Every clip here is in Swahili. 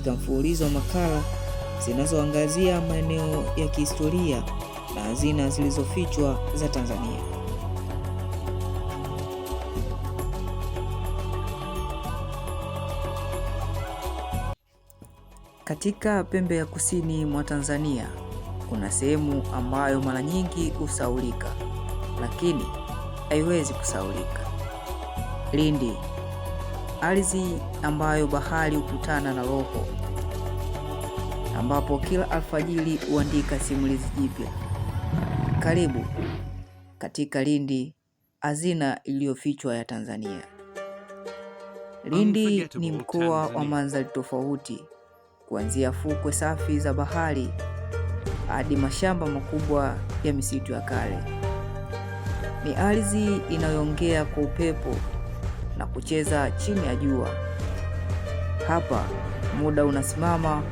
katika mfululizo wa makala zinazoangazia maeneo ya kihistoria na hazina zilizofichwa za Tanzania. Katika pembe ya kusini mwa Tanzania kuna sehemu ambayo mara nyingi husaulika, lakini haiwezi kusaulika: Lindi ardhi ambayo bahari hukutana na roho, ambapo kila alfajiri huandika simulizi jipya. Karibu katika Lindi, hazina iliyofichwa ya Tanzania. Lindi ni mkoa wa mandhari tofauti, kuanzia fukwe safi za bahari hadi mashamba makubwa ya misitu ya kale. Ni ardhi inayoongea kwa upepo na kucheza chini ya jua. Hapa muda unasimama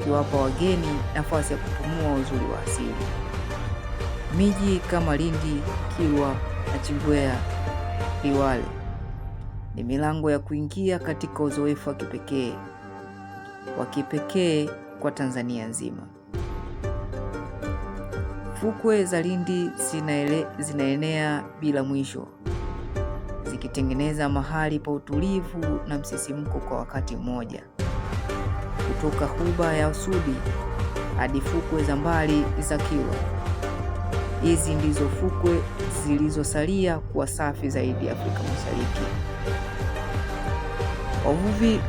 ukiwapa wageni nafasi ya kupumua uzuri wa asili. Miji kama Lindi, Kilwa na Chingwea, Liwale ni milango ya kuingia katika uzoefu wa kipekee wa kipekee kwa Tanzania nzima. Fukwe za Lindi zinaenea bila mwisho ikitengeneza mahali pa utulivu na msisimko kwa wakati mmoja. Kutoka huba ya Usudi hadi fukwe za mbali za Kilwa, hizi ndizo fukwe zilizosalia kuwa safi zaidi Afrika Mashariki. Wavuvi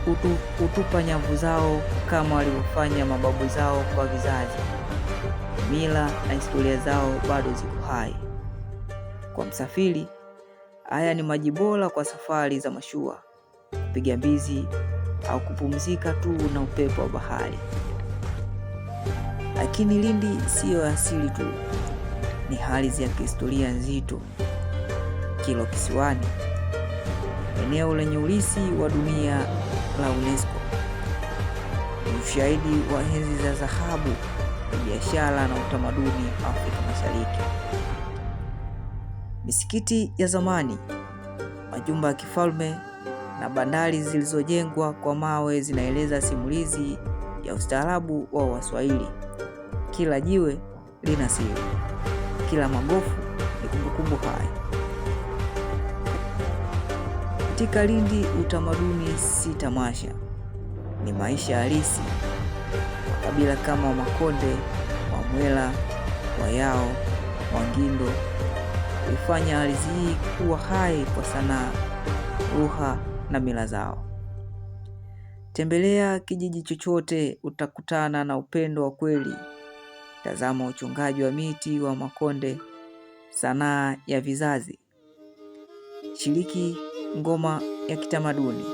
hutupa nyavu zao kama walivyofanya mababu zao kwa vizazi. Mila na historia zao bado ziko hai kwa msafiri Haya ni maji bora kwa safari za mashua, kupiga mbizi au kupumzika tu na upepo wa bahari. Lakini Lindi siyo asili tu, ni hali ya kihistoria nzito. Kilwa Kisiwani, eneo lenye urithi wa dunia la UNESCO, ni ushahidi wa enzi za dhahabu ya biashara na utamaduni Afrika Mashariki misikiti ya zamani, majumba ya kifalme na bandari zilizojengwa kwa mawe zinaeleza simulizi ya ustaarabu wa Waswahili. Kila jiwe lina siri, kila magofu ni kumbukumbu hai. Katika Lindi, utamaduni si tamasha, ni maisha halisi. Makabila kama makonde Wamwela, Wayao, Wangindo kuifanya ardhi hii kuwa hai kwa sanaa, lugha na mila zao. Tembelea kijiji chochote, utakutana na upendo wa kweli. Tazama uchungaji wa miti wa Makonde, sanaa ya vizazi. Shiriki ngoma ya kitamaduni,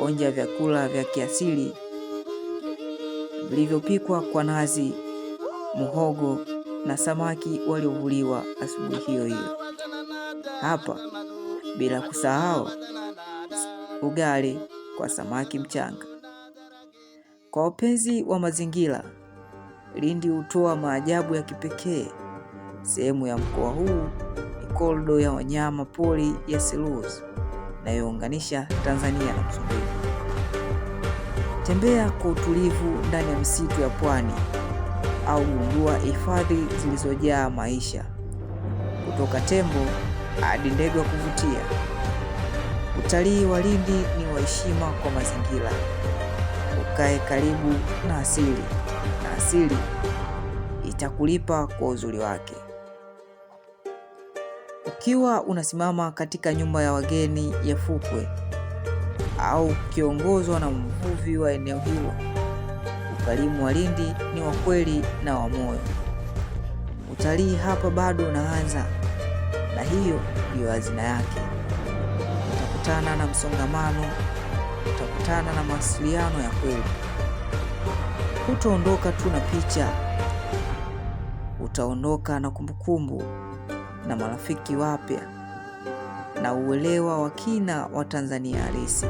onja vyakula vya kiasili vilivyopikwa kwa nazi, muhogo na samaki waliovuliwa asubuhi hiyo hiyo hapa, bila kusahau ugali kwa samaki mchanga. Kwa wapenzi wa mazingira, Lindi hutoa maajabu ya kipekee. Sehemu ya mkoa huu ni korido ya wanyama pori ya Selous inayounganisha Tanzania na Msumbiji. Tembea kwa utulivu ndani ya misitu ya pwani au gundua hifadhi zilizojaa maisha, kutoka tembo hadi ndege wa kuvutia. Utalii wa Lindi ni wa heshima kwa mazingira. Ukae karibu na asili, na asili itakulipa kwa uzuri wake. Ukiwa unasimama katika nyumba ya wageni ya fukwe au ukiongozwa na mvuvi wa eneo hilo walimu wa Lindi ni wa kweli na wa moyo. Utalii hapa bado unaanza, na hiyo ndiyo hazina yake. Utakutana na msongamano, utakutana na mawasiliano ya kweli. Hutaondoka tu na picha, utaondoka na kumbukumbu na marafiki wapya na uelewa wa kina wa Tanzania halisi.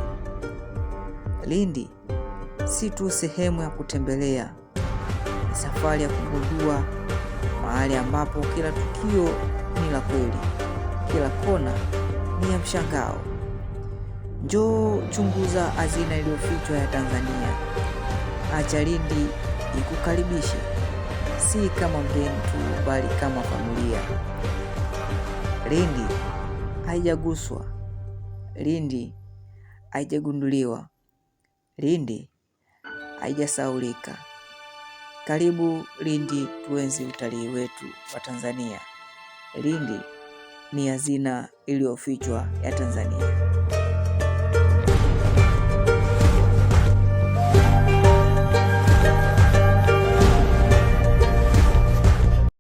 Lindi si tu sehemu ya kutembelea, ni safari ya kugundua, mahali ambapo kila tukio ni la kweli, kila kona ni ya mshangao. Njoo chunguza hazina iliyofichwa ya Tanzania. Acha Lindi ikukaribishe, si kama mgeni tu, bali kama familia. Lindi haijaguswa, Lindi haijagunduliwa, Lindi haijasaulika. Karibu Lindi, tuenzi utalii wetu wa Tanzania. Lindi ni hazina iliyofichwa ya Tanzania.